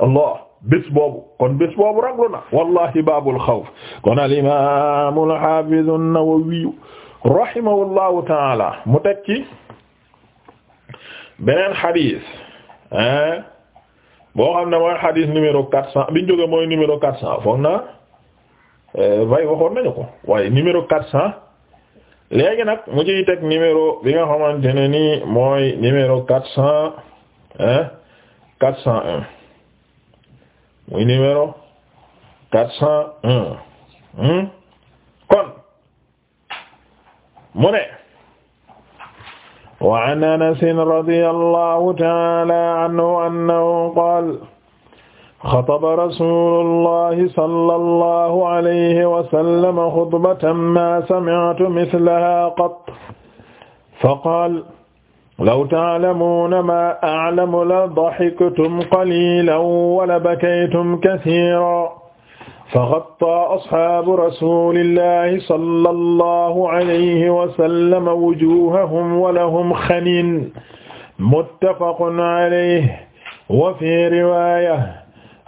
allah bés boobu kon bés boobu raglu wallahi baabul xawf kon al imaam al haafiz an-Nawawi taala mu teg ci beneen xadis hein boo xam ne mooy xadis numéro quatre cent biñ jóge mooy numéro quatre cent foog naa euh, way waxoon nañu ko waaye numéro quatre cent léegi nag mu ci teg numéro bi nga xamante ne ni mooy numéro quatre cent hein quatre cent un muy numéro quatre cent un hmm? kon mu ne wa an Anas radiyallahu ta'ala anhu annahu qaala xataba rasuulullahi sallallahu alayhi wa sallam xutbatan maa sami'tu mislahaa qatt faqaala law ta'lamuuna maa a'lamu la dahiktum qaliilan wa la bakaytum kasiiran faxattaa asxaabu rasuulillaahi sallallahu alayhi wa sallam wujuuhahum wa lahum xaniin muttafaqun alayhi wa fii riwaaya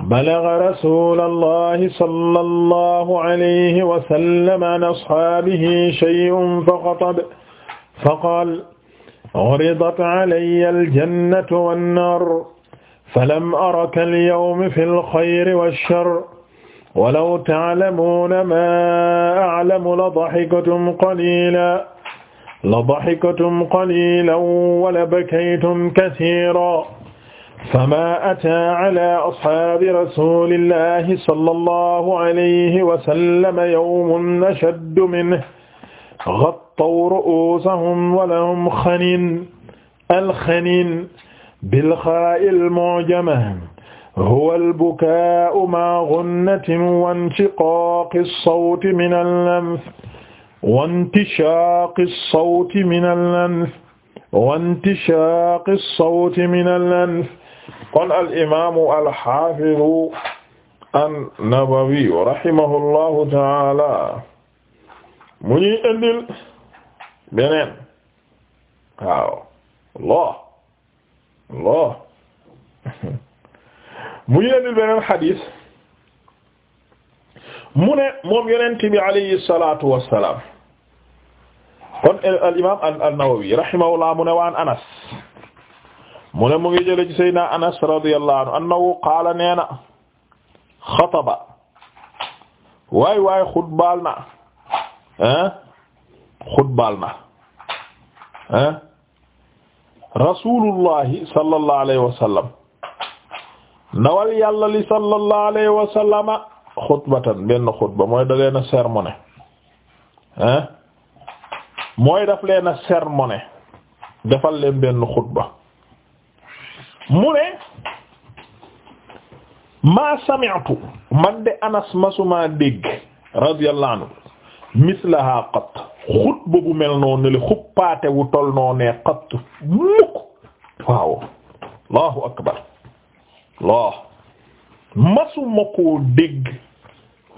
balaga rasuulallaahi sallallahu alayhi wa sallam an asxaabihi shay'un faqatab faqaal uridat alayya aljannatu wannaar falam araka alyawma fil xayri washar walaw ta'lamuuna maa a'lamu la dahiktum qaliilan la dahiktum qaliilan wala bakaytum kasiiran famaa ataa alaa ashaabi rasuulillaahi sallallahu alayhi wa sallam yawmun ashaddu minhu qattaw ru'uusahum wa lahum xaniin alxaniin bilxaa'i almu'jama huwa albukaa'u ma'a gunnatin wa intishaaqi as-sawti mina al-anf wa intishaaqi as-sawti mina al-anf wa intishaaqi as-sawti mina al-anf qaala al-imaamu al-haafidu an-Nawawi rahimahu Allahu ta'aala mu ñuy indil beneen waaw Allah Allah mu yéenil beneen xadis mu ne moom yonent bi alayhi salatu wassalaam kon al imam an-Nawawi rahimahullah mu ne waan Anas mu ne mu ngi jële ci Seydina Anas radiyallahu anhu annahu qaala nee na xataba waay waay xutbaal na ah xutbaal na ah rasulullahi sallallahu alayhi wa sallam ndawal yàlla li sallallahu alayhi wa sallama xutbatan benn xutba mooy da leen a mooy daf leen a defal leen benn xutba mu ne maa sami'tu man de anas masuma dégg radiyallahu anhu mislaha qatt xutba bu mel noonu le xuppaate wu tol noo ne qatt mukk waaw allahu akbar laa masuma koo dégg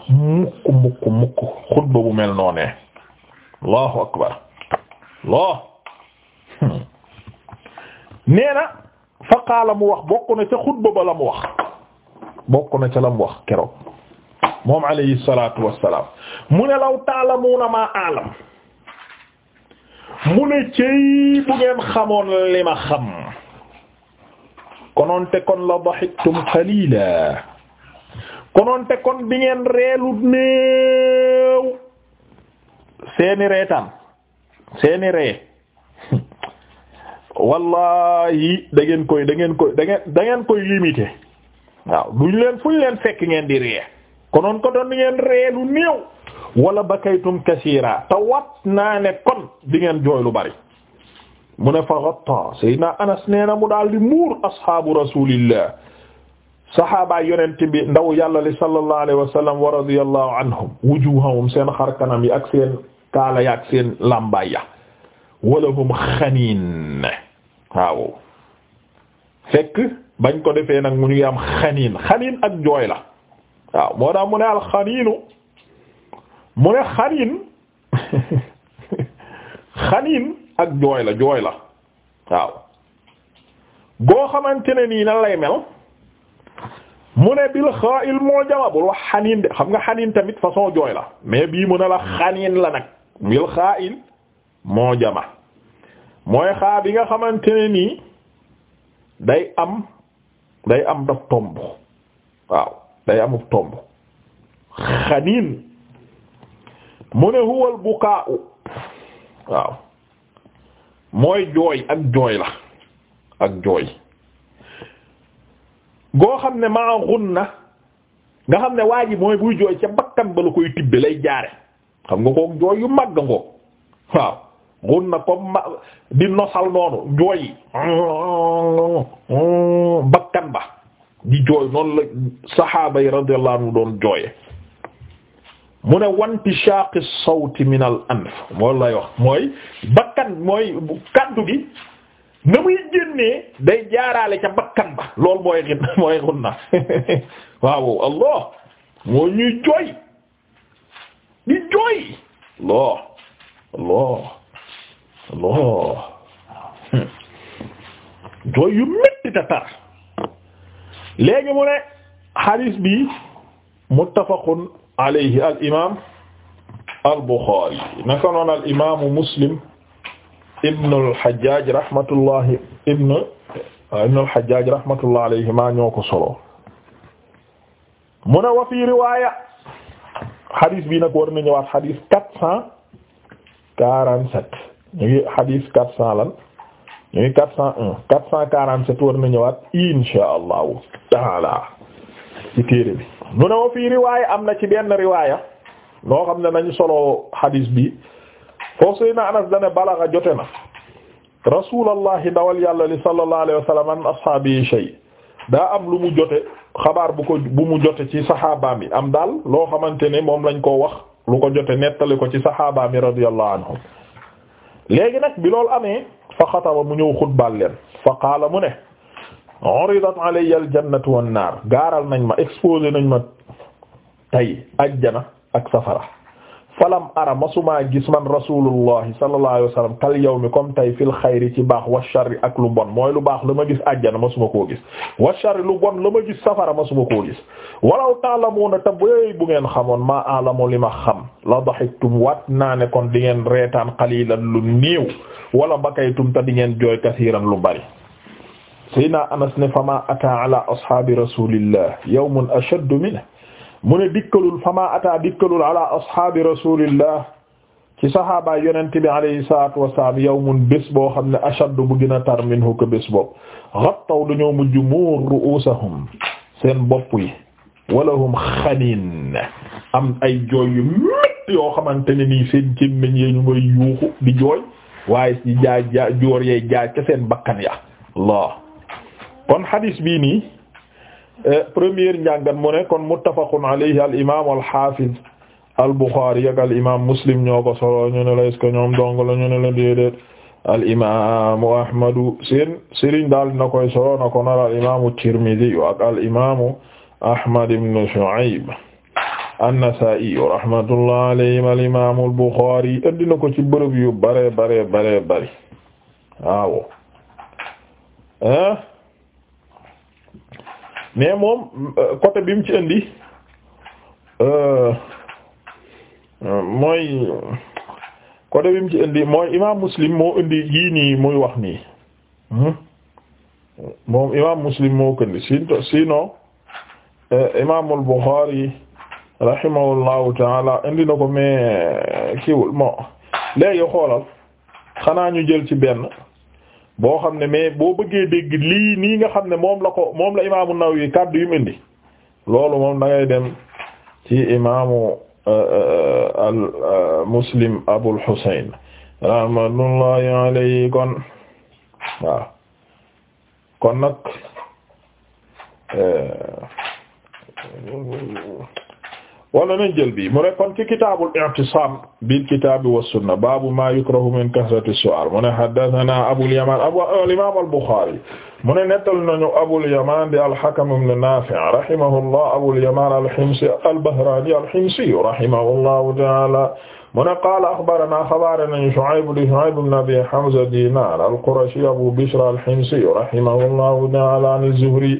mukk mukk mukk xutba bu mel noo ne allahu akbar laa hmm. nee na fa qaala mu wax bokk na ca xutba ba la mu wax bokk na ca la mu wax keroog moom alayhi salaatu wassalaam mu ne law taalamuuna maa alam mu ne cey bu xamoon li ma xam konoon kon la dahiktum qalila konoon te kon bi ngeen reelut néew seeni reetaan seeni ree wallahi da ngeen koy da ngeen koy da ngeen da waaw duñ leen fuñ leen fekk ngeen di ree konoon ko doon di ngeen ree lu néew wala bakaytum kasiira te wat kon di ngeen lu bari mu ne fa gatta sayyidina anas nee mu daal di muur ashaabu rasulillah sahaabaa yonente bi ndaw yàlla li sallallahu alayhi wa sallam wa radiyallahu anhum seen xarkanam yi ak seen kaala ya ak seen làmbaay ya walahum xaniin waaw fekk bañ ko defee mu ñu am xaniin ak jooy la waaw moo tax mu ne alxaniinu mu ne xaniin xaniin ak jooy la jooy la waaw goo xamante ne nii nan lay mel mu ne bil xaa'il mu'jama bul wax xaniin de xam nga xaniin tamit façon jooy la mais bii mu ne la xaniin la nag bil xaa'il mu'jama mooy xaa bi nga xamante ne nii day am day am daf tomb waaw day amub tomb xaniin mu ne huwal bukaa u waaw mooy jooy ak jooy la ak jooy goo xam ne maa na nga xam ne waa ji mooy buy jooy ca bakkan ba la koy tibbe lay jaare xam nga kook jooy yu màgg ngoog waaw gunna comme ma di nosal noonu jooy bakkan ba di jooy noonu la saxaaba yi radiyallahu doon jooye mu ne wanti shaaqi sawti min al anf moolu lay wax mooy bakkan mooy kaddu gi na muy génnee day jaaraale ca bakkan ba loolu mooy xin mooy xun waaw allah moo ñuy jooy di jooy allah allah allah jooy yu metti ta tar léegi mu ne xadis bi muttafaqun alayhi al imaam al buxaari naka noonu al imaamu muslim ibnu al xajjaaj rahmatullahi ibnu ibnu al xajjaaj rahmatullahi alayhimaa ñoo ko solo mu ne wa fi riwaaya xadis bi nag war na ñëwaat xadis quatre cent quarante sept ñu ngi xadis quatre cent lan. ñuy quatre cent un quatre cent quarante-sept war na ñëwaat insha allahu taala ci téere bi mu ne wa fii riwaaya am na ci benn riwaaya noo xam ne nañu solo hadis bi foofu na Anas dane balaga jote na rasulallahi dawal yàlla li sallallahu alayhi wa sallam an ashaabi shay daa am lu mu jote xabaar bu ko mu jote ci saxaabaam bi am daal loo xamante ne moom lañ ko wax lu ko jote nettali ko ci saxaabaam yi radiyallahu anhum léegi nag bi loolu amee fa xataba mu ñëw xutbaal leen fa qaala mu ne uridat alayya aljannatu wan naar gaaral nañ ma exposé nañ ma tey ajjana ak safara falam ara masumaa gis man rasulullahi sallallahu alayhi wa sallam kal yawmi comme tay fil xayri ci baax wa sharri ak lu bon mooy lu baax la ma gis àjjana masuma koo gis wa sharri lu bon la ma gis safara masuma koo gis walaw ta'lamuna te boy bu ngeen xamoon maa alamu li ma xam la daxiktum waat naa ne kon di ngeen reetaan qalilan lu néew wala bakaytum te di ngeen jooy kasiiran lu bari sayna anas ne fama ata ala ashaabi rasulillah yawmun ashaddu minhu mu ne dikkalul fama ata dikkalul ala ashaabi rasulillah ci sahaabaa yonente bi alayhi salatu wasalaam yawmun bés boo xam ne ashaddu bu gën a tar minhu ko bés boobu ghattaw dañoo mujj muur ru'uusahum seen bopp yi walahum xaniin am ay jooy yu métt yoo xamante ne nii seen cémmiñ yee ñu ngay yuuxu di jooy waaye jaa joor yee jaay ca seen bakkan ya Allah kon hadis bii nii Eh, première njàngat mu ne kon muttafaqun alayhi al imaam al haafiz muslim ñoo ko solo ñu ne la ñoom dong la ne la déedéet al ahmadu seen daal na koy solo nar al imaamu tirmidi ak ahmad ibn shu'ayb an-nasaa'i rahmatullahi alayhim al imaamu al buxaari yu bare bare bare bare waaw. Eh? mais moom euh, côté bi mu ci indi euh, euh, mooy côté bi mu ci indi mooy imaam muslim moo indi yii nii muy wax nii hmm? moom imaam muslim moo ko indi sinon sinon imaamul Bukhari rahimahullahu taala indi na ko mais kiiwul moo léegi xoolal xanaa ñu jël ci benn. boo xam ne mais boo bëggee dégg lii nii nga xam ne moom la ko moom la imaamu Nawawi kàddu yu mu loolu moom da ngay dem ci imaamu euh, euh, al euh, muslim Abul Husayn rahmatullahi alayhi kon kon nag wala nañ jël bi mu ne kon ci kitaabul i'tisaam bil kitaabi wa sunna baabu maa yukrahu min kasrati su'aal mu ne haddasanaa abul yamaan abul imaam al-Buxaari mu ne nettal nañu Abul Yamaan di al-Hakam ibn Naafi' rahimahullah Abul Yamaan al-Himsi al-Bahraani al-Himsi rahimahullahu ta'aala mu ne qaala axbaranaa xabaare nañu Shu'ayb di Shu'ayb ibn Abi Hamza Diinaar al-Qurashi Abu Bishr al-Himsi rahimahullahu ta'aala an az-Zuhri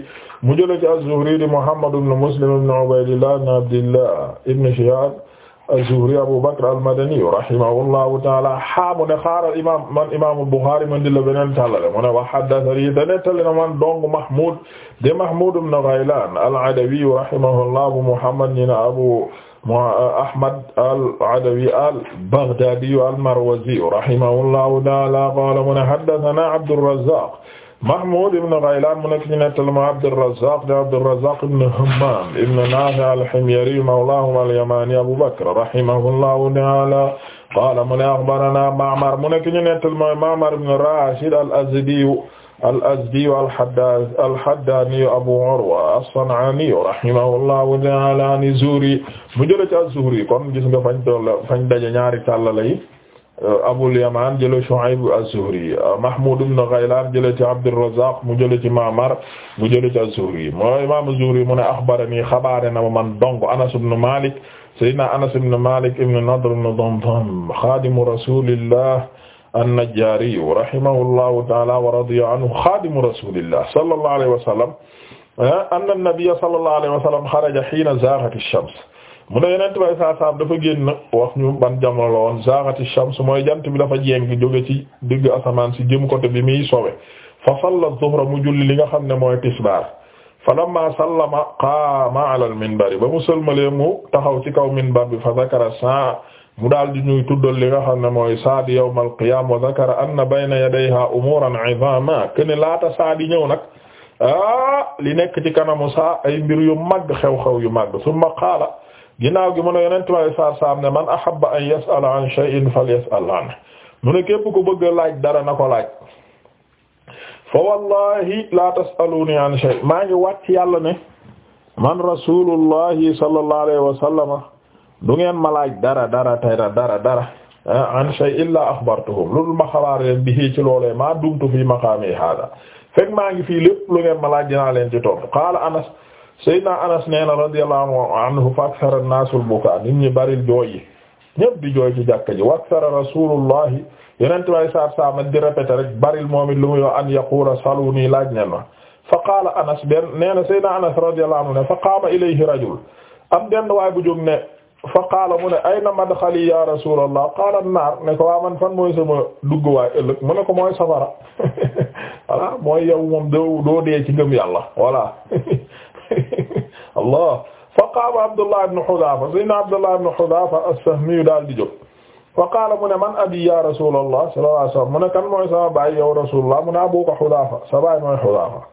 mu jële ci az-Zuhri di Muhammad ibn Muslim ibn Ubaydillah ibn Abdillah ibn Shihaab az-Zuhri Abu Bakr al-Madani rahimahullahu ta'ala ha mu ne xaaral imaam man imaamul Buxaari man di la beneen tallale mu ne wa haddathanii da nettali na man dong Mahmoud de Mahmoud ibn Ghaylaan al-Adawi rahimahullahu Muhammad ibn Abu Ahmad al-Adawi al-Baghdaadi al-Marwazi rahimahullahu ta'ala qaala mu ne haddathanaa Abdur Razzaaq Mahmoud ibn Ghaylan mu nekk ñu nettali ma Abdurrazzaq di Abdurrazzaq ibn Hammam ibn Nafi' al-Himyari mawlahum al-Yamani Abu Bakr rahimahullahu ta'ala qala mu ne akhbarana Ma'mar mu nekk ñu nettali ma Ma'mar ibn Rashid al-Azdi al-Azdi al-Haddath al-Haddani Abu Urwa as-San'ani rahimahullahu ta'ala an az-Zuhri mu jëlee ci az-Zuhri kon gis nga fañ doon fañ daje ñaari tallale yi Abul Yamaan jële Shuayb az-Zuhri Mahmud ibn Ghaylaan jële ci Abdurrazaaq mu jële ci Ma'mar mu jële ci az-Zuhri mooy Imaam az-Zuhri mu ne axbaranii xabaare na ma man dong Anas ibn Maalik Sayyidina Anas ibn Maalik ibn Nadr ibn Damdam xaadimu Rasuulillah an-Najjaari rahimahullahu ta'aala wa radiya anhu xaadimu Rasuulillah sallallahu alayhi wa sallam ah, anna an-nabiyya sallallahu alayhi wa sallam xaraja hiina zaaghat ash-shams mu ne yeneen tubaab saa saam dafa génn wax ñu ban jamono la woon zaghati shams mooy jant bi dafa jéng jóge ci digg asamaan si jëm côté bi muy sowe fa salla zuhra mu julli li nga xam ne mooy fa tisbaar falamma sallama qaama ala al minbari ba mu sëlmalee mu taxaw ci kaw minbar bi fa zakara saa mu daal di ñuy tuddal li nga xam ne mooy saadi yawm al qiyaam wa zakara anna bayna yadayha umuuran izaama ken laata saadi ñëw nag ah li nekk ci kanamu saa ay mbir yu mag xew-xew yu mag summa qaala ginnaaw gi mu ne yonent bi saar saam ne man ahabba an yas'ala an shay'in falyas'al an mu ne képp ku bëgg laaj dara na ko laaj fa wallahi la tas'aluni an shay maa ngi wàcc yàlla ne man rasulullahi sallallahu alayhi wa sallama du ngeen ma laaj dara dara na dara dara eh, an shay illa akhbartuhum loolu ma xabaar leen bi ci loolee maa dumtu fii maqaami hada fekk maa ngi fii lépp lu ngeen ma laaj dinaa leen ci tontu qaala anas Seydina Anas nee na radiyallahu anhu fa akthara an-naasu al-bukaa nit ñi bari jooy yi di jooy ci jàkka ji wa akthara rasuulullahi yeneen tubaab yi saa saa ma di répété moom it lu muy wax an yaqula saluni laaj ne ma fa qaala Anas benn nee na Seydina Anas radiyallahu anhu ne fa qaama ilayhi rajul am benn waay bu jóg ne fa qaala mu ne ayna madxali ya rasuulallah qaala an-naar ne ko waa man fan mooy sama dugg waay ëllëg mu ne ko mooy safara voilà mooy yow moom doo doo dee ci ngëm allah fa qaama Abdullah ibn Hudhafa sayyidina Abdullah ibn Hudhafa as daal di jóg fa qaala mu ne man abi ya Rasulullah sallallahu alayhi wa sallam mu ne kan mooy sama baay yow Rasulullah mu ne abuka Hudhafa sa baay mooy Hudhafa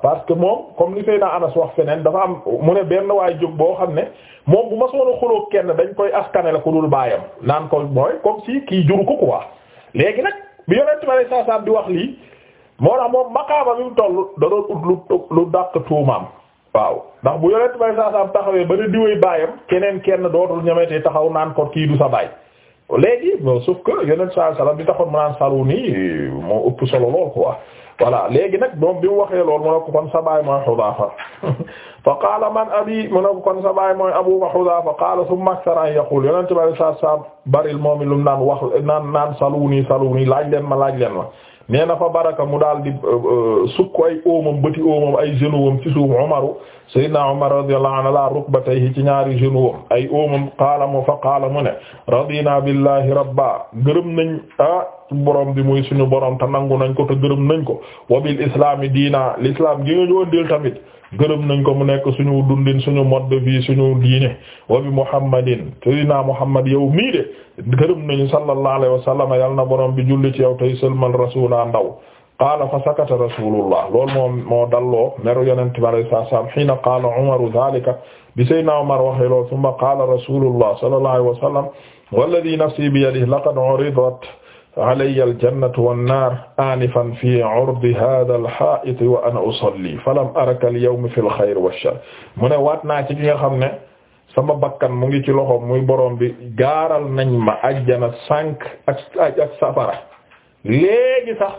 parce que moom comme li Seydina Anas wax feneen dafa am mu ne benn waay jóg boo xam ne moom bu ma soona xuloo kenn dañ koy askanale ku dul baayam naan ko mooy comme si kii juru ko quoi léegi bi yonent bi alayhi di wax lii moo tax moom maqaama bi mu toll da lu lu dàq tuumaam waaw ndax bu yonent bay saasaam taxawee ba ne diwee baayam keneen kenn dootul ñemetee taxaw naan ko kii du sa baay léegi sauf que yonent saa salaam bi taxoon mu naan salu nii moo ëpp solo lool quoi voilà léegi nag doom bi mu waxee lool mu ne ko kon sa baay mooy Xudaafa fa qaala man abi mu ne ko kon sa baay mooy abu fa Xudaafa qaala summa akthara an yaqul yonent bay saasaam baril moom lu mu naan wax naan naan salu nii salu nii laaj leen ma laaj leen ma. nee na fa baraka mu daal di euh, euh, sukk ay oomam bëti oomam ay genoom ci suuf Umaru Seydina Umar radiyallahu anhu la rukbatayhi ci ñaari genoom ay oomam qaala mu fa qaala mu ne radina billahi rabba gërëm nañ ah borom bi muy suñu borom te nangu nañ ko te gërëm nañ ko wabil islami diina l'islam gi nga ñu wëndeel tamit gërëm nañ ko mu nekk suñu dundin suñu mode de vie suñu diine wabi muhammadin sayyidina muhammad yow mii de gërëm nañu sallallahu alayhi wa sallam yal na borom bi julli ci yow tey sëlmal rasulaa ndaw qaala fa sakata rasulullah loolu lool moo dalloo meru yonente bi alayhi salaatu salaam hiina qaala umaru zaalika bi sayyidina umar waxee loolu summa qaala rasulullah sallallahu alayhi wa sallam walladhi nafsi biyadihi laqad uridat alayya aljannatu wannaar aanifan fi urdi haadha alhaa'iti wa ana usalli falam araka alyawma fi alxayri washar mu ne waat naa ci ki nga xam ne sama bakkan mu ngi ci loxoom muy borom bi gaaral nañ ma ajjana sànq ak ak safara léegi sax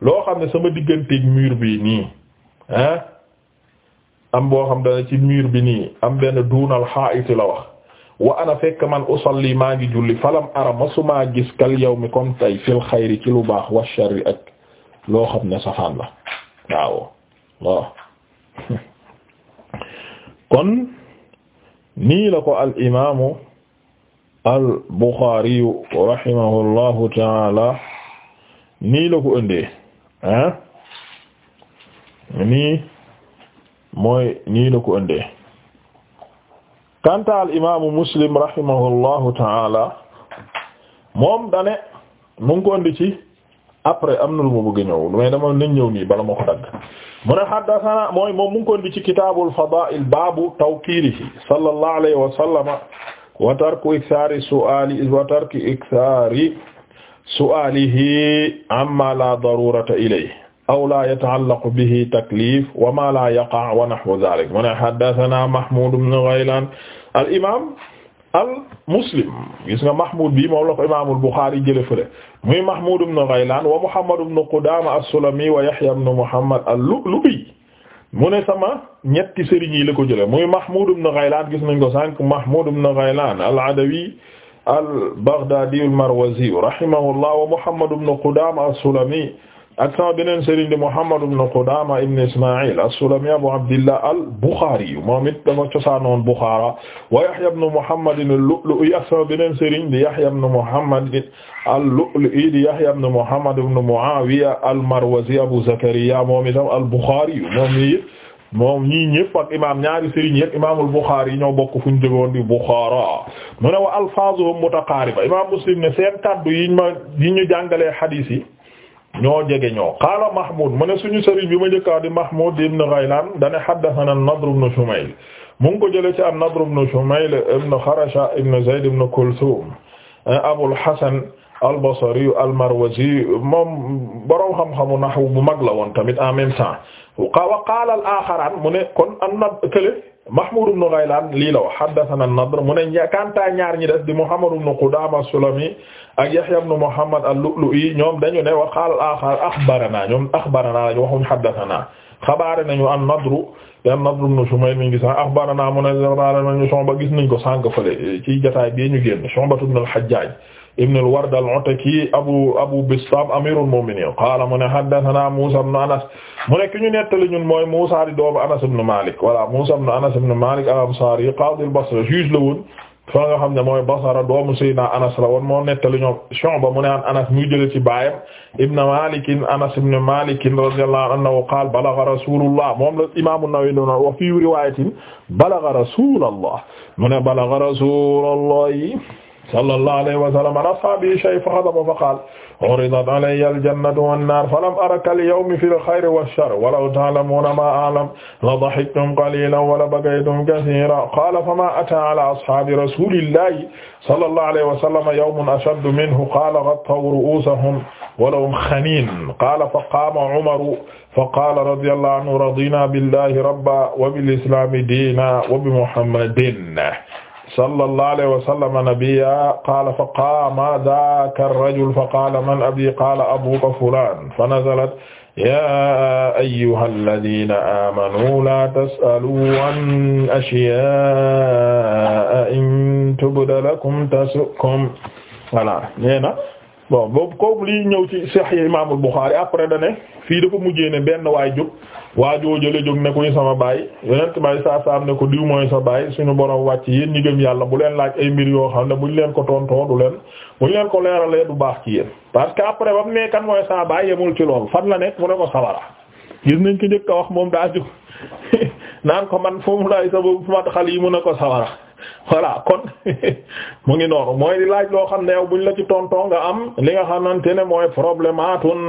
loo xam ne sama digganteeg mur bi nii ah am boo xam dana ci mur bi nii am benn duunal haa'iti la wax. wa ana fekk man usalli maa ngi julli falam ara masumaa gis kal yow mi comme tay fil xayri ci lu baax wa sharri ak loo xam ne safaan la waaw waaw kon nii la ko al imaamu al Buxaari taala nii la ko ëndee ah nii mooy nii la ko ande kanta al imaamu muslim rahimahullahu taala moom dane mu ngi ko indi ci après am na lu ma bëgg a ñëw mais dama nañ ñëw nii bala ma ko dagg mu ne haddathana mooy moom mu ngi ko indi ci kitaabul fadaa'il baabu tawkiirihi sallallahu alayhi wa sallama wa tarku ikthaari su'aali wa tarku ikthaari su'aalihi amma la darurata ilayhi aw la yataallaqu bihi taklif wa ma la yaqa wa nahwu dhalik mu ne haddathana Mahmud ibn Ghaylan al imam al muslim gis nga Mahmoud bi moom la ko imaamul Bukhari jëlee fële muy Mahmoud ibn Ghaylan wa Muhammad ibn Qudama as-Sulami wa Yahya ibn Muhammad al-Lu'lu'i mu ne sama ñetti sëriñ yi la ko jëlee muy Mahmoud ibn Ghaylan gis nañ ko sànq Mahmoud ibn Ghaylan al-Adawi al-Baghdadi al-Marwazi rahimahullah wa Muhammad ibn Qudama as-Sulami ak sama beneen sëriñ di Muhammad ibn Qudaama ibn Ismaa'il as-Sulami Abu Abdillah al-Bukhari moom it dafa cosaanoon Bukhara wa Yahya ibn Muhammad al-Lu'lu'i ak sama beneen sëriñ di Yahya ibn Muhammad al-Lu'lu'i di Yahya ibn Muhammad ibn Mu'aawiya al-Marwazi Abu Zakariya moom itam al-Bukhari moom it moom ñii ñëpp ak imaam ñaari sëriñ yëpp imaamul Bukhari ñoo bokk fu ñu jógoon di Bukhara mu ne wa alfaazuhum mutaqaariba imaam Muslim ne seen kaddu yi ñu ma yi ñu jàngalee hadith yi. ñoo jege ñoo qaala Mahmoud mu ne suñu sëriñ bi ma njëkkaa di Mahmoud ibn Ghaylan dane haddathana an-Nadr ibn Shumayl mu ngi ko jële ci an-Nadr ibn Shumayl ibn Kharasha ibn Zayd ibn Kulthum Abul Hasan al-Basri al-Marwazi moom borom xam-xamu bu mag la woon tamit en même temps wa qaala al-akharaan mu ne kon am na kële Mahmoud ibn Ghaylan lii la wax haddathana an-Nadr mu ne kanta ñaar ñi des di Muhammad ibn Qudama as-Sulami ak Yahya ibn Muhammad al-Lu'lu'i ñoom dañu ne wa qaala al-akhar akhbarana ñoom akhbarana lañu waxuñu haddathana xabaare nañu an-Nadr an-Nadr ibn Shumayl mi ngi sax na mu ne xabaare nañu Shu'ba gis nañ ko sànq fële ci jotaay bi ñu génn Shu'ba ibn al-Hajjaj ibn al-Ward al-Ataki abu abu Bistam amirul mu'minin qaala mu ne haddathana Musa ibn Anas mu ne ki ñu nettali ñun mooy Musa di doomu Anas ibn Malik voilà Musa ibn Anas ibn Malik al-Ansari qaadi al-Basra juge la woon fa nga xam ne mooy Basra doomu Seydina Anas la woon moo nettali ñoom Shu'ba mu ne an Anas muy jële ci baayam ibn Malik Anas ibn Malik radiyallahu anhu qaala balagha rasulullah moom la imaamu Nawawi noonu wa fi riwaayatin balagha rasulullah mu ne balagha rasulullah sallallahu alayhi wa sallam an ashaabihi shay'un fa ghadaba fa qaala uridat alayya al-jannatu wan-naar falam araka al-yawma fi al-khayri wash-sharri walaw ta'lamuuna maa a'lam la dahiktum qaliilan wa la bakaytum kasiiran qaala famaa ataa alaa ashaabi rasuulillaahi sallallahu alayhi wa sallam yawmun ashaddu minhu qaala ghattaw ru'uusahum wa lahum khaniin qaala faqaama Umaru faqaala radiyallaahu anhu radiinaa billaahi rabban wa bil-islaami diinan wa bi Muhammadin sallallahu alayhi wa sallam nabiyya qaala fa qaama dhaaka ar-rajul fa qaala man abii qaala abuuka fulaan fa nazalat yaa ayyuhal laziina aamanuu laa tas'aluu an ashyaa'a in tubda lakum tasu'kum voilà nee na bon boobu kooku liy ñëw ci Sahih Imaamul Bukhari après da ne fii dafa mujjee ne benn waay jóg waajoo jële jóg ne kuy sama baay yonent may saa am ne ko diw mooy sa baay suñu borom wàcc yéen ñi gën yàlla bu leen laaj ay mbir yoo xam ne buñ leen ko tontoo du leen buñ leen ko leeralee du baax ci yéen. parce que après ba mu ne kan mooy sa baay yemul ci loolu fan la nekk mu ne ko sawara gis nañ ko njëkk a wax moom daa jóg naan ko man foofu laay sama xal yi mu ne ko sawara. voilà kon mu ngi noonu mooy laaj loo xam ne yow buñ la ci nga am li nga xamante ne mooy problématun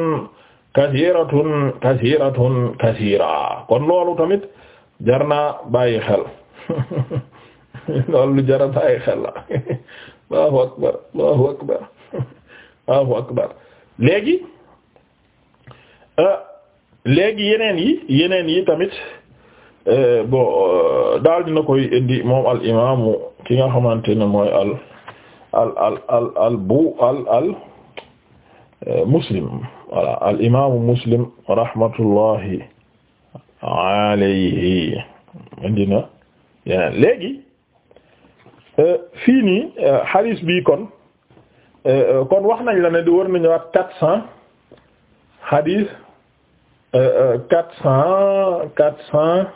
kasiratun kasiratun kasira kon loolu tamit jar naa bàyyi xel loolu jar bàyyi xel la akbar Allahu akbar Allahu akbar euh, yeneen yi yeneen yi tamit Eh, bon euh, daal dina koy indi moom al imaamu ki nga xamante ne mooy al al al al al bu al al eh, muslim voilà al imaamu muslim rahmatullahi alayhi indi na yeneen léegi eh, fii nii hadis bi kon kon wax nañ la ne di war nañu wax quatre cent hadis quatre cent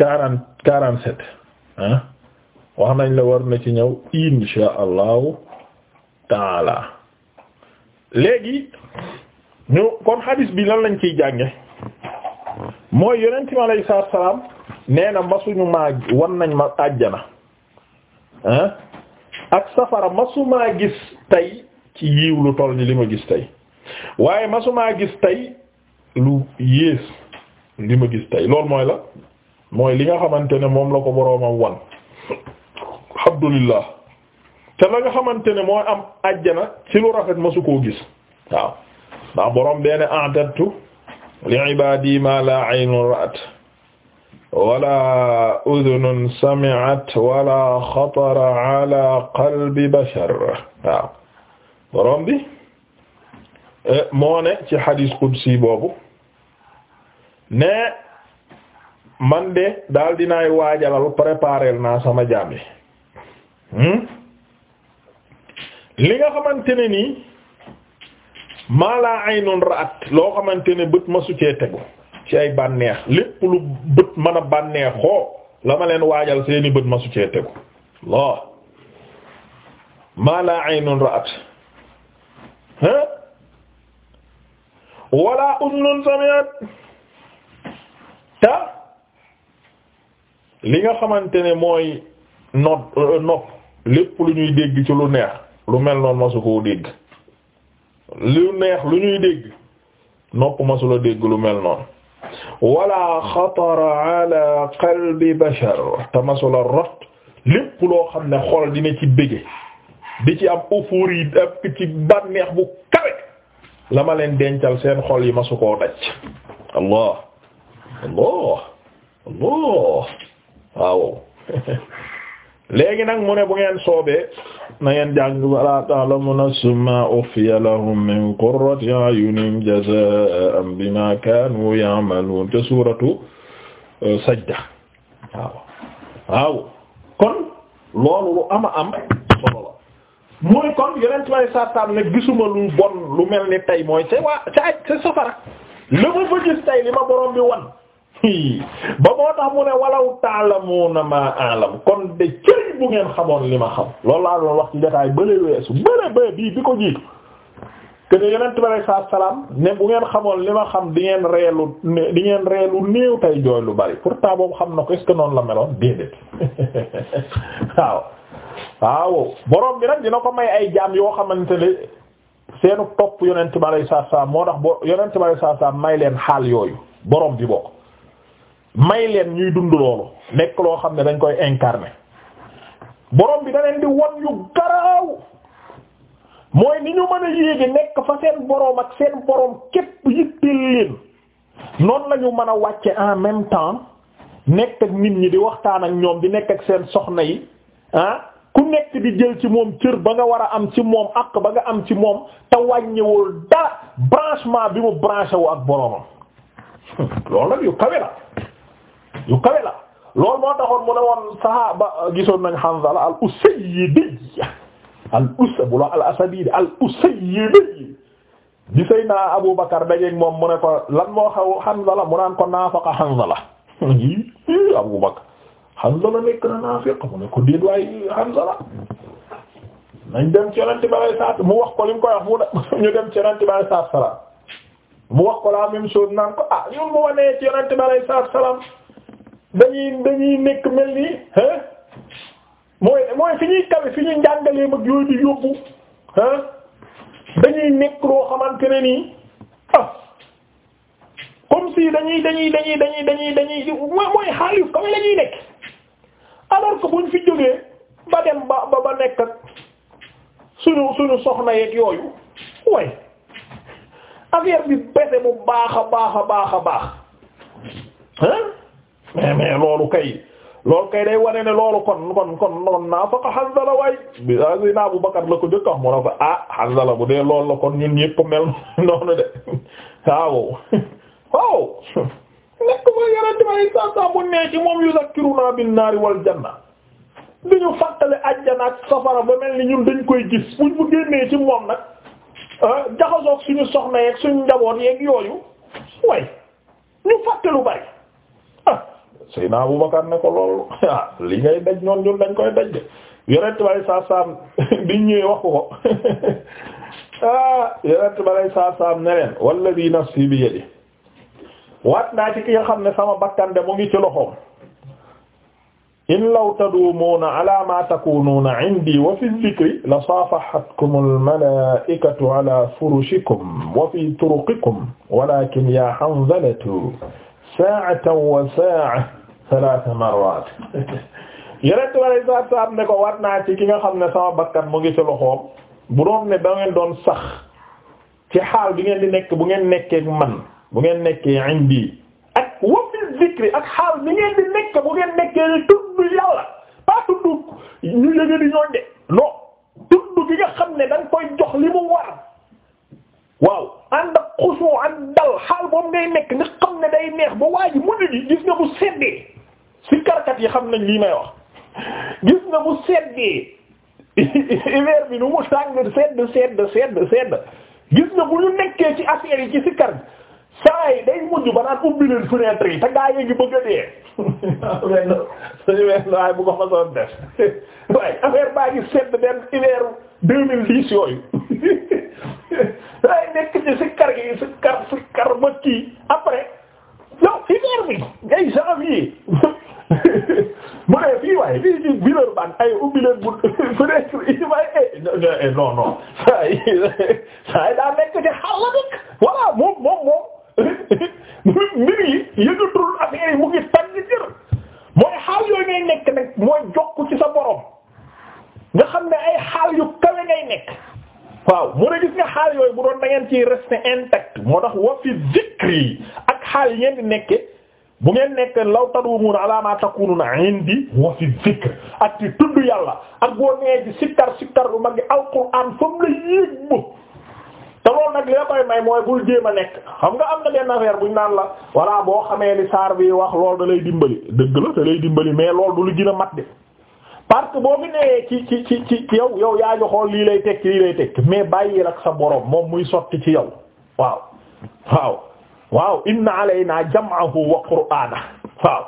quarante quarante sept wax nañ la war na ci ñëw insha allahu taala léegi ñu kon hadis bi lan lañ kiy jànge mooy yonent mi alayhi salaatu salaam nee masuñu maa wan nañ ma àjjana ak safara masumaa gis tey ci yiw lu toll ni li ma gis tey waaye masumaa gis tey lu yées li ma gis tey loolu mooy la mooy li nga xamante ne moom la ko boroomam wan alhamdulillah te la nga xamante ne mooy am ajjana ci lu rafet masu koo gis waaw ndax boroom bene a'dadtu li ibadi ma la aynun ra'at wala udhunun sami'at wala xatara ala qalbi bashar waaw boroom bi eh, moo ne ci hadis qudsi boobu ne man de daal dinaay waajalal préparer naa sama jaam hmm? li nga xamante ne nii maa laa aynun ra'at loo xamante ne bët ma su tegu ci ay bànneex lépp lu bët mën a bànneexoo la ma leen waajal seeni bët ma su tegu loo maa laa aynun ra'at hein wala udnun sami'at ta li nga xamante ne mooy nopp euh, nopp lépp lu ñuy dégg ci lu neex lu mel noonu masu koo dégg lu neex lu ñuy dégg nopp masu la dégg lu mel noonu wala xatara ala qalbi bashar te masu la rot lépp loo xam ne xol dina ci bëgge di ci am euphorie ak ci bànneex bu kawe la ma leen dencal seen xol yi masu koo daj allah allah allah waaw léegi nag mu ne bu ngeen soobee na ngeen jàng wala ta'lamu nafsun ma ukhfiya lahum min qurrati a'yunin jazaa'an bima kanu ya'malun te suuratu euh, sajda waaw kon loolu lu ama am solo mooy kon yeneen may sartaan ne gisuma bon lu mel ni tey mooy c'est waa ca aj c'est safara la ma fa gis li ma borom bi wan ba moo tax mu ne walaw ta'lamuna ma a'lam kon de cëy bu ngeen xamoon li ma xam loolu laa doon wax ci jotaay bële weesu bële bii bi ko jiitu que ne yonent bi alayhi salaam ne bu ngeen xamoon li ma xam di ngeen reelu di ngeen reelu néew tey jooy lu bari pourtant boobu xam na ko est-ce noonu la meloon déedéet waaw. waaw borom bi nag dina ko may ay jaam yoo xamante ne seenu topp yonent bi alayhi salaatu salaam moo tax boo yonent bi alayhi salaatu salaam may leen xaal yooyu borom bi bokk. may leen ñuy dund loolu nekk loo xam ne dañ koy incarner borom bi da di won yu garaaw mooy ni ñu mën a yéegi nekk fa seen borom ak seen borom képp yitteel leen noonu lañu ñu mën a wàcce en même temps nekk ak nit ñi di waxtaan ak ñoom di nekk ak seen soxna yi ah ku nekk di jël ci moom cër ba nga war a am ci moom ak ba nga am ci moom te wàññiwul dara branchement bi mu branché wu ak boromam loolu nag kawe la. yu kawe la loolu moo taxoon mu ne woon saxaaba gisoon nañ Hanzala al Usayyidi al usa bu la al di Seydina Abu Bakar dajeeg moom mu ne ko lan moo xaw Hanzala mu naan ko naafaqa Hanzala Abu Bakar nekk na naafiq mu ne ko déet waaye Hanzala nañ dem ci Yonent mu wax ko li mu koy wax mu ñu dem ci mu wax ko la même chose naan ko ah yow mu wane ci Yonent bi alayhi salaam dañuy dañuy nekk mel ni hein mooy mooy fi ñuy kawe fi ñuy njàngalee mag yooyu di yóbbu hein dañuy nekk loo xamante ne nii ah comme si dañuy dañuy dañuy dañuy dañuy dañuy mooy mooy xaalis kawe la ñuy nekk alors que buñ fi jógee ba dem ba ba ba nekk ak suñu suñu soxna yeeg yooyu way affaire bi pese bu baax a baax a baax a baax hein mais mais loolu kay loolu kay day wane ne loolu kon kon kon noon naa ko Hanzala waay bi Seydina Abu Bakar la ko jëkk wax mu ne fa ah Hanzala bu dee loolu la kon ñun ñépp mel noonu de waaw waaw nekk ma yarante may saa saa bu nee moom yuzakkiruna bin naari wal janna di ñu fàttale àjjana ak safara ba mel ni ñun dañ koy gis buñ bu génnee ci moom nag ah, jaxasoog suñu soxna yeeg suñu njaboot yeeg yooyu way ñu fàtte bari Seydina Abubakar ne ko loolu ah, li ngay daj ñoon ñun dañ koy daj de yonent balay saa saam biñ ñëwee wax ko ah yonent balay saa saam ne leen walladhi nafsi bi yadi waat naa ci ki nga xam ne sama bakkan de mu ngi ci loxoom in law tadumuuna ala ma takunuuna indi wa fi dhikri la saafahatkum almalaikatu ala furushikum wa fi turuqikum walakin ya hanzalatu sa'atan wa sa'atan salaasa marwaat yeneen tubaab yi sax ne ko war naa ci ki nga xam ne sama bakkan mu ngi ci loxoom bu doon ne da ngeen doon sax ci xaal bi ngeen di nekk bu ngeen nekkee man bu ngeen nekkee indi ak wa ak xaal bi ngeen di nekk bu ngeen nekkee tudd ñu yëge di ñooñ de non tudd gi nga xam ne da nga koy jox li mu war waaw ànd ak xusu ànd dal xaal boobu ngay nekk nga xam ne day neex ba waa ji mën gis nga bu seddee. sikkarkat yi xam nañ lii may wax gis na mu seddee hiver bi nu mu tàng sedd sedd sedd sedd gis na bu ñu nekkee ci affaire yi ci sikkar saa yi day mujj ba naan ubbi leen fenêtre yi te gaa yi ngi bëgg a dee wenn suñu wenn waaye bu ko fa soon def waaye affaire baa ngi sedd benn hiver deux mille dix yooyu waaye nekk ci sikkar gi sikkar sikkar ba kii après yow hiver bi ngay janvier mu ne fii waaye fii ci Villeurbanne ay ubbi leen bu fenêtre yi waaye eh, non non eh, saa yi daa nekk ci xar la dëkk voilà moom moom moom mbir yi yëgatul affaire yi mu ngi jër mooy xaal yooyu ngay nekk nag mooy jokk ci sa borom nga xam ne ay xaal yu kawe ngay nekk waaw mu ne gis nga xaal yooyu bu doon da ngeen ciy rester intact moo tax wa fi zikri xaal yi ngeen di nekke bu ngeen nekk law tadumuun ala ma takununa indi wa fi zikr ak ci tudd yàlla ak boo nee ci sikkar sikkar bu mag alquran fam la yéeg bu te loolu nag li la koy may mooy bul jéem nekk xam nga am na benn affaire buñ naan la voilà boo xamee ni saar bi wax loolu da lay dimbali dëgg la da lay dimbali mais lool du lu gën a mat de part que boo fi nee ci ci ci ci yow yow yaa ñu xool lii lay tekk lii lay tekki mais bàyyi ak sa borom moom muy sotti ci yow waaw waaw inna alayna jam'ahu wa qur'aanahu waaw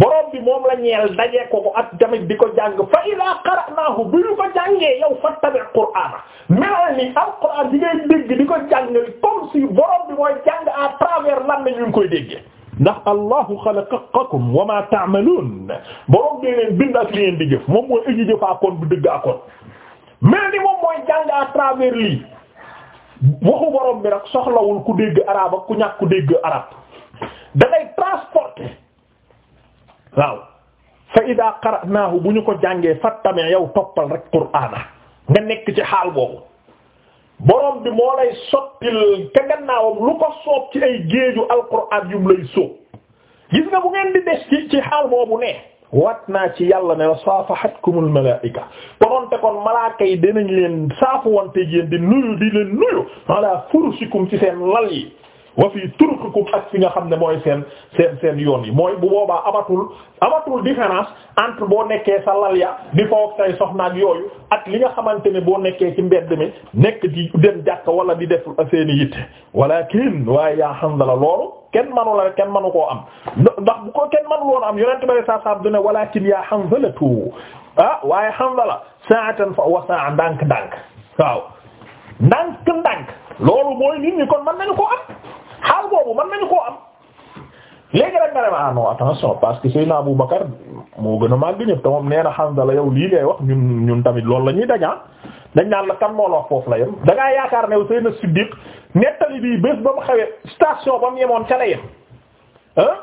borom bi moom la ñeel dajee ko ko ak tamit di ko jàng fa ila qara'naahu bi ñu ko jàngee yow fattabi' qur'aana melal ni alquran di ngay dégg di ko jàng comme si borom bi mooy jàng à travers lan la ñu koy déggee ndax allahu xalaqakum wa ma ta'maluun borom bi leen bind ak li ngeen di jëf moom mooy ëjji jëfaakoon bu dëgg akoon mel ni moom mooy jàng à travers lii waxu borom bi nag soxlawul ku dégg arabe ku ñàkk ku dégg arabe da ngay waaw fa ida qara'naahu bu ñu ko jàngee fattami yow toppal rek qur'aana nga nekk ci xaal boobu borom bi moo lay sottil te gannaawam lu ko soob ci ay géeju alqur'aan yum lay soob gis nga bu ngeen di des ci xaal boobu ne wat naa ci yàlla ne la saafahatkumul malaa'ika konoon te kon malaaka yi dinañ leen saafu wante yéen di nuyu di leen nuyu ala furushikum ci seen lal yi wa fii turuqikum ak fi nga xam ne mooy seen seen seen yoon yi mooy bu boobaa amatul amatul di différence entre boo nekkee sa lal ya di fawog tay soxnaak yooyu ak li nga xamante ne boo nekkee ci mbedd mi nekk di dem jàkk wala di def seeni yitte walakin waaye yaa Hanzala loolu kenn manu la kenn manu koo am ndax bu ko kenn manu loonu am yonent bare sa sab du ne walakin yaa Hanzalatu ah waaye Hanzala sa'atan fa wa sa'a ndànk ndànk waaw ndànk ndànk loolu mooy nit ñi xaal boobu mën nañu koo am léegi rek nga ne ma ah, attention parce que Seydina Abu Bakar moo gën a màgg ñëpp te moom nee na la lii ngay wax ñun ñun tamit loolu la ñuy dañaa ah. dañ naan la kan moo la foofu la yem da ngaa yaakaar ne Seydina Siddiq nettali bii bés ba mu xawee station ba mu yemoon ca la yem ah.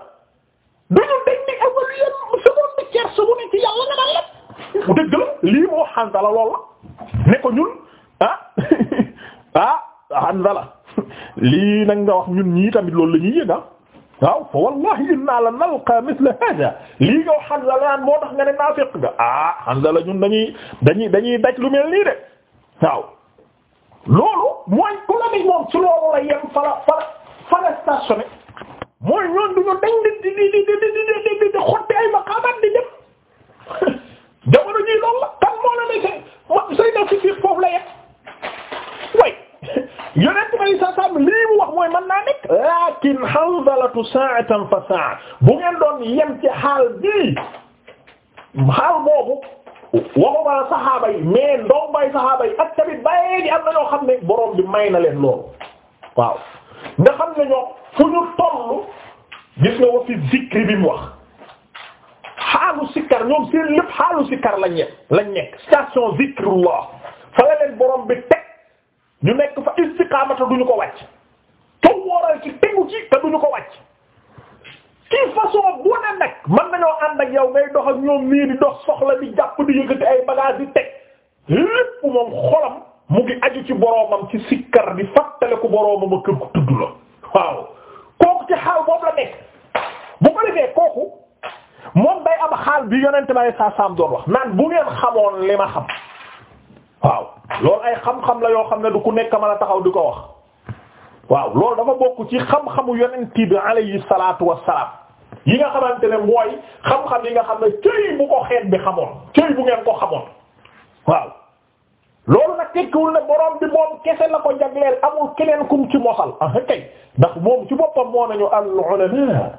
dañ ni awal yem seconde tiers bu ne ci yàlla nga daan lépp bu dëgg la lii moo Hanzala lool la ne ko ñun ah ah Hanzala lii nag nga wax ñun ñii tamit loolu la yëg ah waaw fa wallahi inna la nalqa mithla hada lii nga wax Hanzala laan moo ah, dañuy dañuy daj lu mel nii de waaw loolu mooy ku la ni moom ci loolu la yem fala fala fala stationné mooy ñoon duñu dañ di di di di di di di xotti ay maqaamaat di dem jamono ñuy loolu la kan moo la ne say say na si foofu la yem way yonent may sa sam lii wax mooy mën naa nekk lakin hanzalatu sa'atan fa sa'a bu ngeen doon yem ci xaal bii xaal boobu waxuma saxaaba yi mais ndoom bay saxaaba yi ak tamit bàyyee gi am xam ne boroom bi may na leen loolu waaw nga xam ne ñoo fu ñu tollu gis nga wax ci zikri bi mu wax xaalu sikkar ñoom seen lépp xaalu lañ nekk lañ nekk fa la leen bi teg ñu nekk fa istiqaamata duñu ko wàcc taw wooral ci tegu ci te ñu ko wàcc ci façon bu ne nag man nañoo ànd ak yow ngay dox ak ñoom nii di dox soxla di jàpp di yëkkati ay bagage di teg lépp moom xolam mu ngi aju ci boroomam ci sikkar di fàttaliku boroomam a kër ko tudd la waaw kooku ci xaal boobu la nekk bu ko defee kooku moom day am xaal bi yonent bay saa saam doon wax naan bu ngeen xamoon li ma xam waaw loolu ay xam-xam la yoo xam ne du ku nekk mën a taxaw di ko wax waaw loolu dafa bokk ci xam-xamu yonent bi alayhi salaatu wassalaam yi nga xamante ne mooy xam-xam yi nga xam ne cëy bu ko xeet bi xamoon cëy bu ngeen ko xamoon waaw loolu nag tekkiwul ne borom bi moom kese la ko jagleel amul keneen kum ci mosal ah kay ndax moom ci boppam moo nañu al-ulama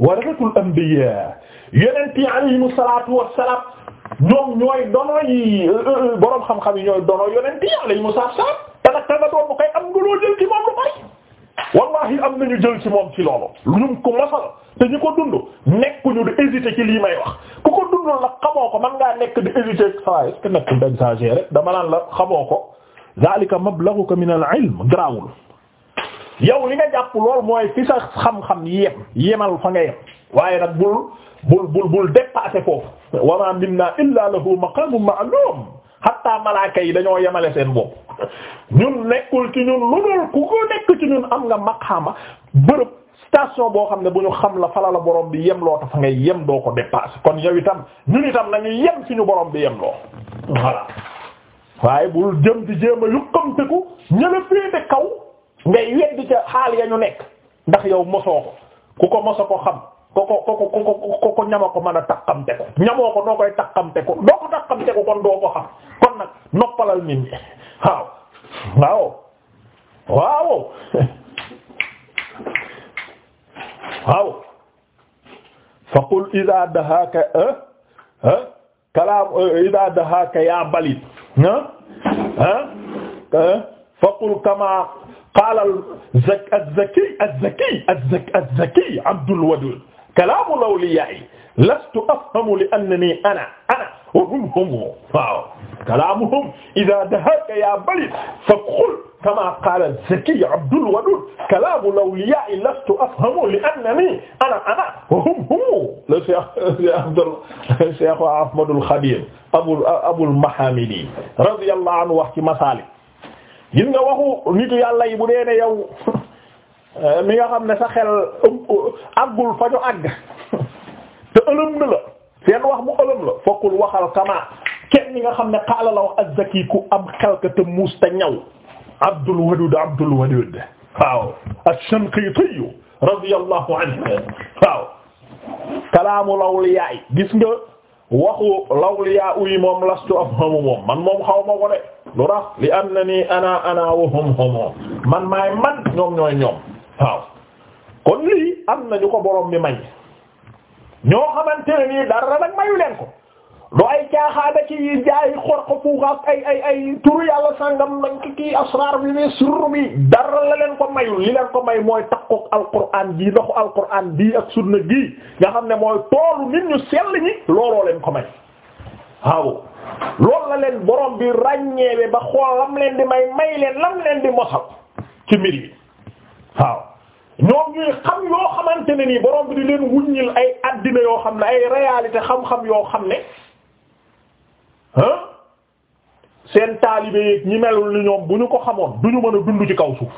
warasatul anbiya yonent yi alayhimu salaatu wassalaam ñoom ñooy dono yi euh, euh, euh, boroom xam-xam yi ñooy dono yonent yàlla yi mu saaf saaf te nag da bu koy am nga loo jël ci moom lu bari wallahi am nañu jël ci moom ci loolu lu ñu ko mosal te ñu ko dund nekkuñu di hésiter ci lii wax ku ko dund la xamoo ko man ngaa nekk di hésiter saa est-ce que nekk dama naan la xamoo ko zalika mablaghuka min al-ilm grawul yow li nga jàpp lool mooy fi xam-xam yem yemal fa nga waaye nag bul bul bul bul foofu wa ma minna illa lahu maqamun ma'lum hatta yi dañoo yemale seen bopp ñun nekkul ci ñun lu dul ku ko nekk ci ñun am nga maqaama bërëb station boo xam ne bu ñu xam la fala la borom bi yem loo ta fa ngay yem doo ko dépassé kon yow itam ñun itam nañu yem suñu borom bi yem loo voilà waaye bul jëm di jéem a yuqamteku ñëla féete kaw ngay weddi ca xaal ya ñu nekk ndax yow mosoo ko ku ko moso ko xam ko ko ko ko ko ko ñama ko mën a takkamte ko ñamoo ko doo koy takkamte ko doo ko takkamte ko kon doo ko xam kon nag noppalal nit ñi waaw waaw waaw waaw fa qul ida dahaka eh? Eh? kalaam eh, ida dahaka ya balit fa qul kama qaala az-zaki az-zaki az-zaki az-zaki Abdul Wadud kalaamu lawliyaa yi lastu afhamu li annani ana ana wa hum hum waaw kalaamuhum idaa dahaaka yaa balid faqul kamaa qaala Zaki Abdul Waduud kalaamu lawliyaa yi lastu afhamu li annani ana ana wa hum hum la Cheikh Cheikh Ahmadul Xadim Abul Abul Mahaamidi radiyallahu anhu wax ci Masaalik gis nga waxu nitu yàlla yi bu dee ne yow Euh, mi nga xam ne sa xel àggul fa ñu àgg te ëlëm na la seen wax bu ëlëm la fokkul waxal kamaa kenn mi nga xam ne xaala la wax az-zaki ku am xelka te muus te ñaw Abdul Wadud Abdul Wadud waaw ash-Shanqiti radiyallahu anhu waaw kalaamu lawliyaa yi gis nga waxu lawliyaa yi moom lastu afhamu moom man moom xaw ma ko de lu rax li annani ana ana wa hum hum man maay man ñoom ñooy ñoom waaw kon lii am nañu ko borom bi may ñoo xamante ne nii dara nag mayu leen ko lu ay caaxaada ci jaay xor ko fuugaas ay ay ay turu yàlla sàngam nañ ki kii bi ne surr bi dara la leen ko mayul li leen ko may mooy takkook alquran ji ndoxu alquran bii ak sunna gii nga xam ne mooy toolu nit ñu sell ñi looloo leen ko may waaw loolu la leen borom bi ràññeewe ba xool leen di may may leen la leen di mosal ci mbir yi waaw ñoom ñuy xam yoo xamante ne nii borom bi di leen wuññil ay addina yoo xam ne ay réalité xam-xam yoo xam ne ah seen taalibe yeeg ñi melul ni ñoom bu ñu ko xamoon du ñu mën a dund ci kaw suuf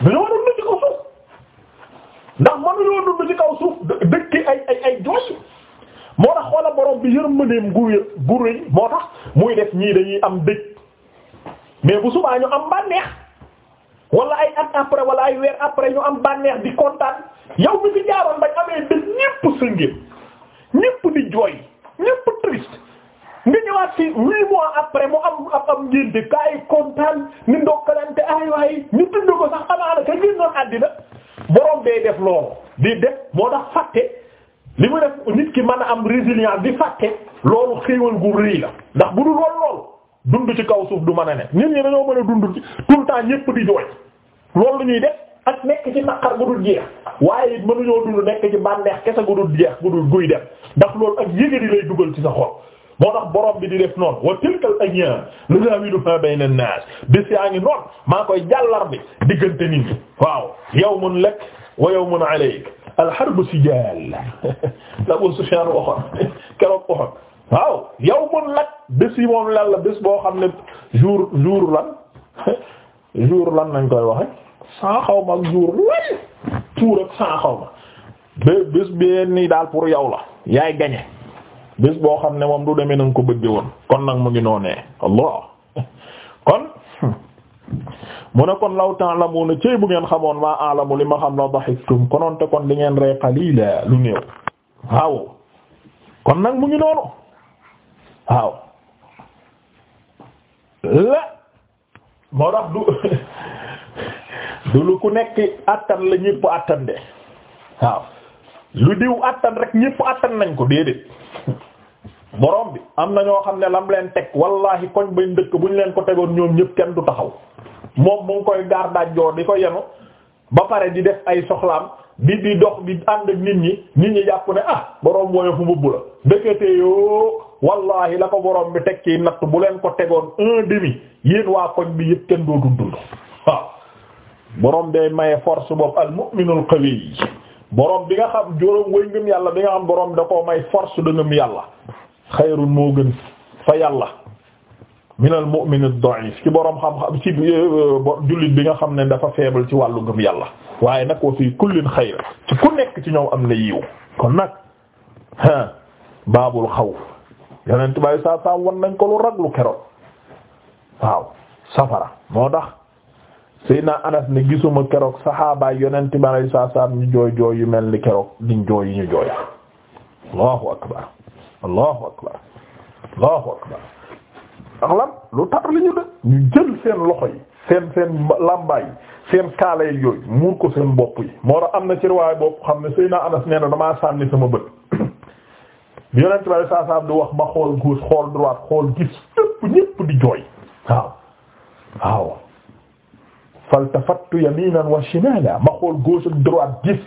du ñu mën a dund ci kaw suuf ndax mënuñoo dund ci kaw suuf dëkk ay ay jooy moo tax xoola borom bi yërmandeem gu gu rëy moo tax muy def ñii dañuy am dëj mais bu subaa ñu am bànneex. wala ay at après wala ay weer après ñu am bànneex di kontaan yow mi fi jaaroon bañ amee dëkk ñépp sëngéen ñépp di jooy ñépp triste nga ñëwaat ci huit mois après mu am am am ngénte ka ay kontaan ni ndokkalante ay waay ñu tudd ko sax amaana ka génnoon àddina borom day def loolu di def moo tax fàtte li ma def nit ki mën a am résilience di fàtte loolu xéewal gu rëy la ndax bu dul woon loolu dund ci kaw suuf du man a ne ñun ñi dañoo mën a dund tout le temps ñépp di loolu la ñuy def ak nekk ci naqar gu dul jeex waaye it mënuñoo dund nekk ci bànneex kese gu dul jeex gu guy dem ndax loolu ak yëgëri lay dugal ci sa moo tax borom bi di def noonu wa tilkal ayyam nudaawiluhaa bayna an-naas bés yaa ngi noonu maa koy jàllar bi diggante nit ñi waaw yawmun lak wa yawmun alayk al-harbu sijaal la Abu Sufyaan waxoon keroog waxoon waaw yawmun lak bés yi moom lan la bés boo xam ne jur jour lan jour koy waxe sans xaw ma ak jour lan ak sans xaw ma bé bés bee nii daal pour yow la yaay gañe bés boo xam ne moom du demee nañ ko bëgge woon kon nag mu ngi noonee allah kon mu ne kon law bu ngeen xamoon maa alamu xam la dahiktum kononte kon di ngeen lu néew waaw kon nag mu ngi noonu waaw la moo tax du du lu ku nekk àttan la ñépp attan de waaw lu diw àttan rek ñépp àttan nañ ko déedéet borom bi am na ñoo xam ne lam leen teg wallahi koñ bañ ndëkk bu ñu leen ko tegoon ñoom ñépp kenn du taxaw moom mu ngi koy gaar daajjoo di ko yenu ba pare di def ay soxlaam di di dox di ànd ak nit ñi nit ñi jàpp ne ah borom woyofu mbubb la ndekete yoo wallahi la ko borom bi teg ci natt bu leen ko tegoon un demi yéen waa koñ bi yépp kenn doo dundul waaw borom day maye force boobu al mu'minul boroom bi nga xam juróom way ngëm yàlla bi nga xam borom da koo may force da ngëm yàlla xayrun moo gën fa yàlla minal mu'min ad-da'if ci boroom xam-xam ci euh, euh, jullit bi nga xam ne dafa faible ci wàllu ngëm yàlla waaye nag wa fi kullin xayr ci ku nekk ci ñoom am na yiw kon nag ah baabul xawf yeneen tubaab yi saa saa wan nañ ko lu raglu keroog waaw safara moo tax. Seydina Anas ni gisuma keroog saxaabaay yonent bi alayhi salaam ñu jooy jooy yu mel ni keroog diñ jooy yi ñu jooy allahu akbar allahu akbar allahu akbar ndax lan lu tar ñu def ñu jël seen loxo yi seen seen làmbaay seen kaala yi yooyu muur ko seen bopp yi moo tax am na ci riwaay bopp xam ne Seydina Anas nee na damaa sànni sama bët bi yonent bi alayhi di wax ma xool gauche xool droite xool gis ñépp ñépp di jooy waaw waaw faltafattu yaminan wa shimala ma xool gauche ak droite gis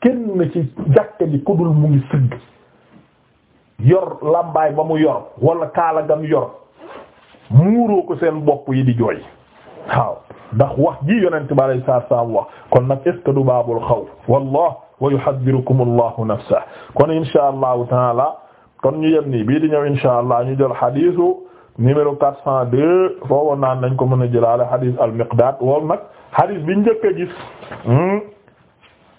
kenn ci jàkka ji ku dul mu ngi sëgg yor làmbaay ba mu yor wala kaala gam yor muuroo ko seen bopp yi di jooy waaw ndax wax ji yonent bi alayhi salaatu salaam wax kon nag est-ce que du baabul xawf wallah wa yuhaddirukum allahu nafsa kon insha allahu taala kon ñu yem nii bii di ñëw insha allah ñu jël xadiisu numéro 402 foofu naan nañ ko mën a jëlaale hadith al-Miqdaad woon nag hadith bi njëkk a gis hmm,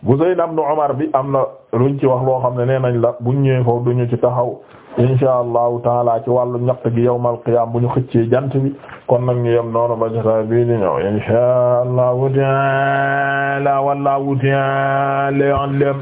bu Zayd ibn Umar bi am na luñ ci wax loo xam ne nee nañ la bu ñëwee foofu duñu ci taxaw insha allahu taala ci wàllu ñaq gi yawmal qiyaam bu ñu xëccee jant bi kon nag ñu yem noonu ba jotaay bii di ñëw insha allahu taala wallahu taala alam